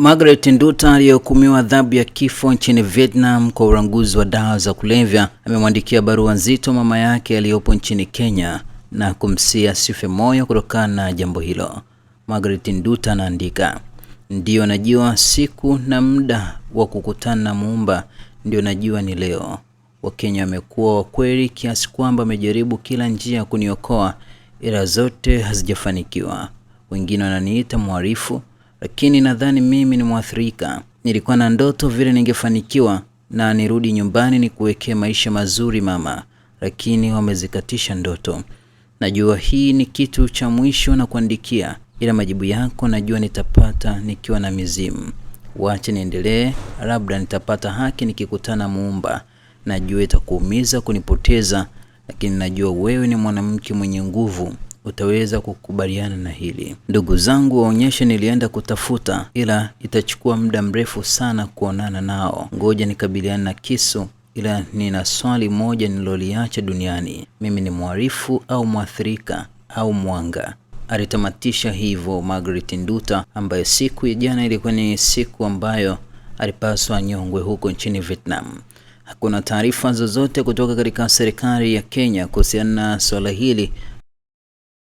Margaret Nduta aliyehukumiwa adhabu ya kifo nchini Vietnam kwa ulanguzi wa dawa za kulevya amemwandikia barua nzito mama yake aliyopo nchini Kenya na kumsia sife moyo kutokana na jambo hilo. Margaret Nduta anaandika, ndiyo najua siku na muda wa kukutana na Muumba, ndio najua ni leo. Wakenya wamekuwa wakweli kiasi kwamba wamejaribu kila njia ya kuniokoa, ila zote hazijafanikiwa. Wengine wananiita mhalifu lakini nadhani mimi ni mwathirika. Nilikuwa na ndoto vile ningefanikiwa na nirudi nyumbani nikuwekee maisha mazuri mama, lakini wamezikatisha ndoto. Najua hii ni kitu cha mwisho na kuandikia, ila majibu yako najua nitapata nikiwa na mizimu. Wache niendelee, labda nitapata haki nikikutana Muumba. Najua itakuumiza kunipoteza, lakini najua wewe ni mwanamke mwenye nguvu utaweza kukubaliana na hili. Ndugu zangu waonyeshe nilienda kutafuta, ila itachukua muda mrefu sana kuonana nao. Ngoja nikabiliana na kisu ila nina swali moja niloliacha duniani. Mimi ni mwarifu au mwathirika au mwanga? Alitamatisha hivyo Margaret Nduta, ambayo siku ya jana ilikuwa ni siku ambayo alipaswa anyongwe huko nchini Vietnam. Hakuna taarifa zozote kutoka katika serikali ya Kenya kuhusiana na swala hili